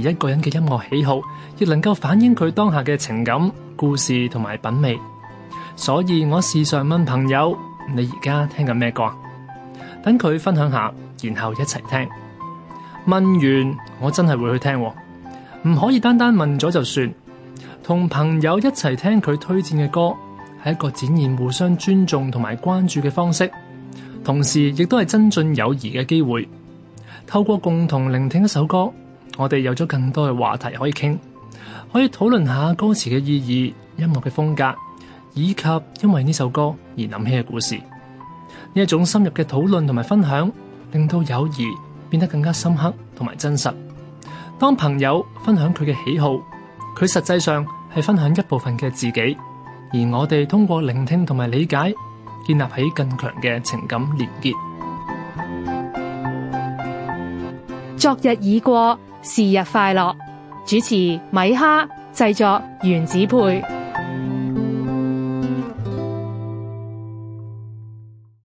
而一個人嘅音樂喜好，亦能夠反映佢當下嘅情感、故事同埋品味。所以我時常問朋友：你而家聽緊咩歌？等佢分享下，然後一齊聽。問完，我真係會去聽哦，唔可以單單問咗就算。同朋友一齊聽佢推薦嘅歌，係一個展現互相尊重同埋關注嘅方式，同時亦都係增進友誼嘅機會。透過共同聆聽一首歌。我哋有咗更多嘅話題可以傾，可以討論下歌詞嘅意義、音樂嘅風格，以及因為呢首歌而諗起嘅故事。呢一種深入嘅討論同埋分享，令到友誼變得更加深刻同埋真實。當朋友分享佢嘅喜好，佢實際上係分享一部分嘅自己，而我哋通過聆聽同埋理解，建立起更強嘅情感連結。昨日已過。是日快樂，主持米哈，製作原子配。